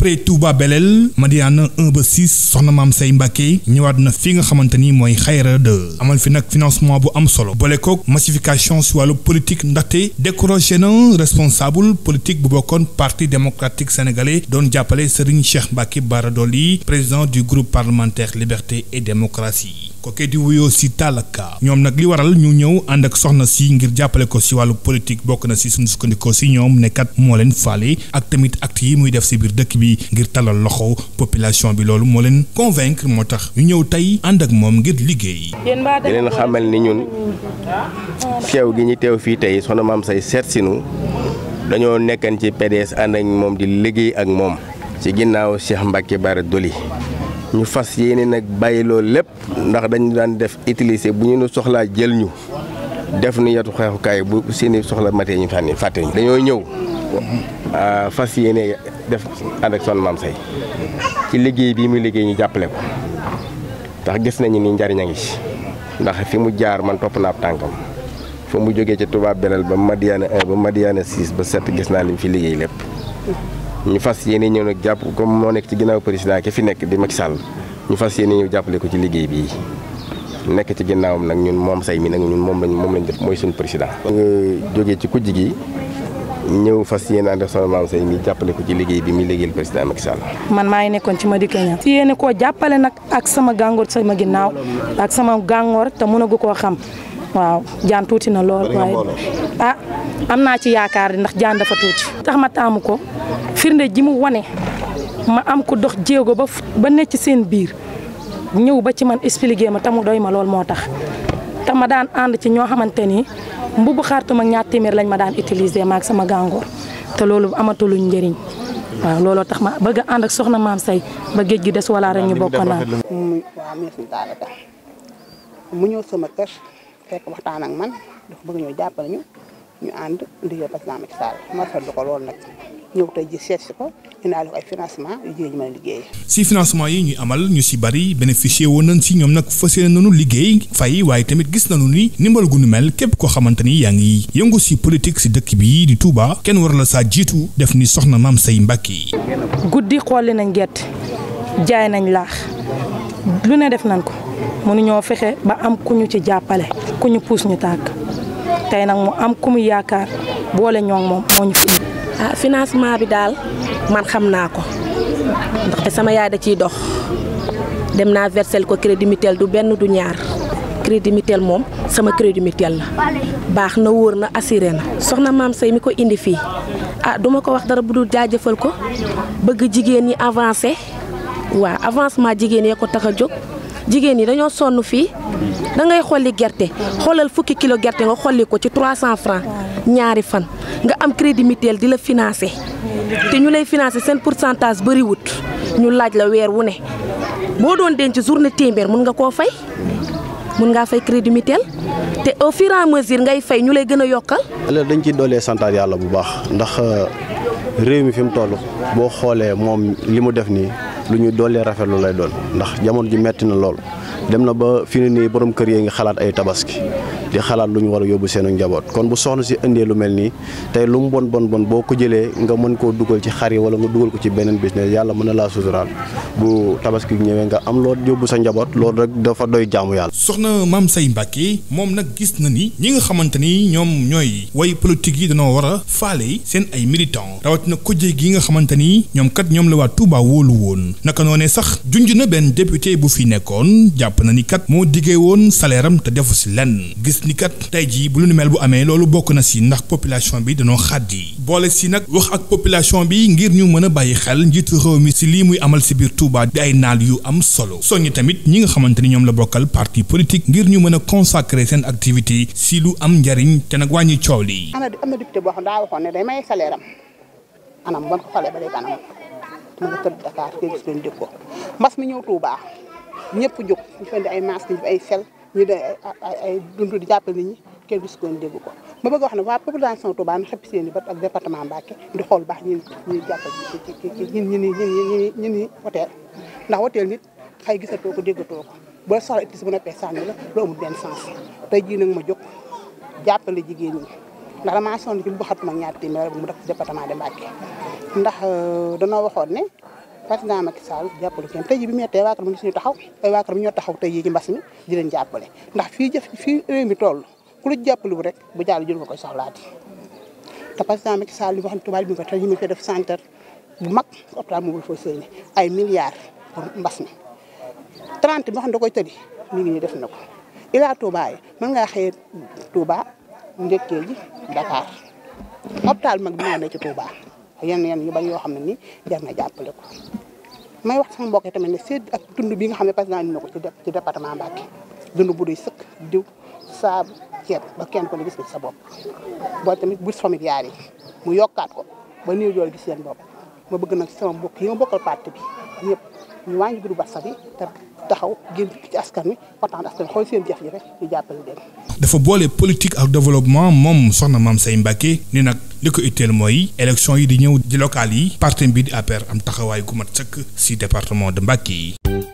après Touba Belel Madiana 1 ba 6 soxna maam say Mbàkke ñëwaat na fi nga xamante ni mooy xayra 2 amal fi nag financement bu am solo bole koog massification si wàllu politique ndaxte décroché na responsable politique bu bokkoon parti démocratique sénégalais doon jàppale Serigne Cheikh Mbacke Bara Dolly président du groupe parlementaire liberté et démocratie kookee di wuyoo si taalaka ñoom nag li waral ñu ñëw ànd ak soxna si ngir jàppale ko si wàllu politique bokk na si suñu sukkandikoo si ñoom nekkat moo leen faale ak tamit acte yi muy def si biir dëkk bi ngir talal loxo population bi loolu moo leen convaincre moo tax ñu ñëw tey ànd ak moom ngir liggéey. di leen xamal ni ñun teew gi ñu teew fii tey soxna maam say seet dañoo nekkan ci PDS ànd ak moom di liggéey ak moom. ci ginnaaw Cheikh Mbacke Bara Doli ñu fas yéene nag bàyyi loolu lépp ndax dañu daan def utiliser bu ñu soxlaa jël ñu def nu yatu xeexukaay bu seeni soxla matee ñu fànni fàtte ñu dañoo ñëw fas yéene def ànd ak maam say ci liggéey bii muy liggéey ñu jàppale ko ndax gis nañu ni njariñ a ngi ci ndax fi mu jaar man topp naa tànkam foo mu jógee ci tubaab belal ba madiana 1 ba madiana 6 ba 7 gis naa lim fi liggéey lépp ñu fas yéene ñëw nag jàpp comme moo nekk ci ginnaaw président ki fi nekk di Macky Sall ñu fas yéene ñëw jàppale ko ci liggéey bii nekk ci nag ñun moom say mi nag ñun moom lañ moom lañ def mooy suñu président. nga jógee ci kujj gi ñëw fas yéene ànd ak sama maam say mi jàppale ko ci liggéey bi muy liggéeyal président Macky Sall. man maa ngi nekkoon ci Madické Niang. si yéene koo jàppale nag ak sama gàngoor sama ginnaaw ak sama gàngoor te mun mënagu koo xam. waaw jaan tuuti na lool waaye ah am naa ci yaakaar ndax jaan dafa tuuti tax ma taamu ko firnde ji mu wane ma am ku dox jéego ba ba ci seen biir ñëw ba ci man expliqué ma te mu doy ma lool moo tax te ma daan ànd ci ñoo xamante ni mbubu xaartuma ñaar téeméer lañ ma daan utiliser maag sama gàngoor te loolu amatuluñ njëriñ waaw looloo tax ma bëgg a ànd ak soxna maam say ba géej gi des wala rek ñu bokk naa mu ñëw sama kër fekk waxtaan ak man dafa ñoo jàppale ñu ñu ànd liggéey président financement yi ñuy amal ñu si bari bénéficié woon nañ si ñoom nag fas yéene nañu liggéey fay waaye tamit gis nañu ni ndimbal gu nu mel képp koo xamante ni yaa ngi yëngu si politique si dëkk bi di Touba kenn war la saa jiitu def ni soxna maam say mbàkk yi guddi xolli nañ gerte jaay nañ laax lu ne def nañ ko mënuñoo fexe ba am ku ñu ci jàppale ku ñu puus ñu tàkk tey nag mu am ku mu yaakaar boole ñoo moom moo ñu fi ah financement bi daal man xam naa ko ndaxte sama yaay da ciy dox dem naa versel ko crédit mutuel du benn du ñaar crédit mutuel moom sama crédit mutuel la baax na wóor na assuré na soxna maam say mi ko indi fii ah duma ko wax dara bu dul jaajëfal ko bëgg jigéen ñi avancé waaw avancement jigéen yee ko tax a jóg jigéen ñi dañoo sonn fii da ngay xolli gerte xoolal fukki kilo gerte nga xolli ko ci 300 francs ñaari fan nga am crédit mutuel di la financer te ñu lay financer seen pour pourcentage bëriwut ñu laaj la weer wu ne boo doon denc journée téeméer mun nga koo fay mun ngaa fay crédit mutuel te au fur et ngay fay ñu lay gën a yokkal. alors dañu ci doolee santaat yàlla bu baax ndax euh, réew mi fi mu toll boo xoolee moom li mu def nii. lu ñuy doolee rafetlu lay doon ndax jamono ji metti na lool dem na ba fi ne nii boroom kër yee ngi xalaat ay tabaski di xalaat lu ñu war a yóbbu seen njaboot kon bu soxna si indee lu mel nii tey lu mu bon bon bon boo ko jëlee nga mën koo dugal ci xar yi wala nga dugal ko ci beneen business yàlla mën na laa suturaal bu tabaski ñëwee nga am loo yóbbu sa njaboot loolu rek dafa doy jaamu yàlla. soxna Mame Saye Mbacké moom nag gis na ni ñi nga xamante ni ñoom ñooy way politique yi dañoo war a faale seen ay rawat na ko kujje gi nga xamante ni ñoom kat ñoom la waa Touba wóolu woon naka noonee sax junj na benn député bu fi nekkoon jàpp na ni kat moo diggee woon salaire am te defu si lenn gis gis ni kat jii bu lu nu mel bu amee loolu bokk na si ndax population bi dañoo xàddi boole si nag wax ak population bi ngir ñu mën a bàyyi xel njiitu réew mi si lii muy amal si biir Touba di ay naal yu am solo soññi tamit ñi nga xamante ni ñoom la bokkal parti politique ngir ñu mën a consacrer seen activité si lu am njariñ te nag wàññi coow lii. am na am anam ban ko falee ba léegi anam ma nga ko mbas mi ñëw Touba ñëpp jóg ñu fënd ay masque ñu ay sel ñu de ay ay dund di jàppale nit ñi kenn gis ko dégg ko ma bëgg wax ne waa population Touba na xëpp seen i bët ak département xool baax ñun ñuy jàppale ñun ñun ñun ñun ñun ñun hôtel ndax hôtel nit xëy gisatoo ko déggatoo ko boo soxla itis bu noppee sànni la loo amul benn tey jii nag ma jóg jàppale jigéen ñi ndax damaa sonn ci lu ba xatuma ñaar téeméer bu mu def département de Mbacké ndax euh, danoo waxoon ne président Macky Sall jàppalu kenn tey ji bi mettee waa kër mi ngi suñu taxaw ay waa kër mi ñoo taxaw tey yi ci mbas mi di leen ndax fii jëf fii réew tool toll ku la jàppale bu rek bu jàll jël nga koy soxlaati te président Macky Sall li wax ne tubaab bi ko ñu ngi fee def centre bu mag hôpital mobile foo séeni ay milliards pour mbas mi 30 boo xam ne da koy tëddi mi ngi nii def na ko ilaa yi mën ngaa xëyee Touba njëkkee ji Dakar hôpital mag bi moo ne ci yenn yenn yu bari yoo xam ne nii jar na jàppale ko may wax sama mbokk tamit ne seet ak dund bi nga xam ne président indi na ko ci département Mbacké dund bu doy sëkk diw saabu ceeb ba kenn ko ne gis na sa bopp boo tamit bourse familiale yi mu yokkaat ko ba néew doole gis seen bopp ma bëgg nag sama mbokk yi ma bokkal parti bi ñëpp ñu wàññi groupe WhatsApp yi te taxaw génn ci askan wi waxtaan askan xool seen jafe-jafe ñu jàppale leen dafa boole politique ak développement moom soxna maam say Mbàkke ni nag li ko itteel mooy élection yi di ñëw di local yi parti bi di APR am taxawaay gu mat sëkk ci département de Mbàkke yi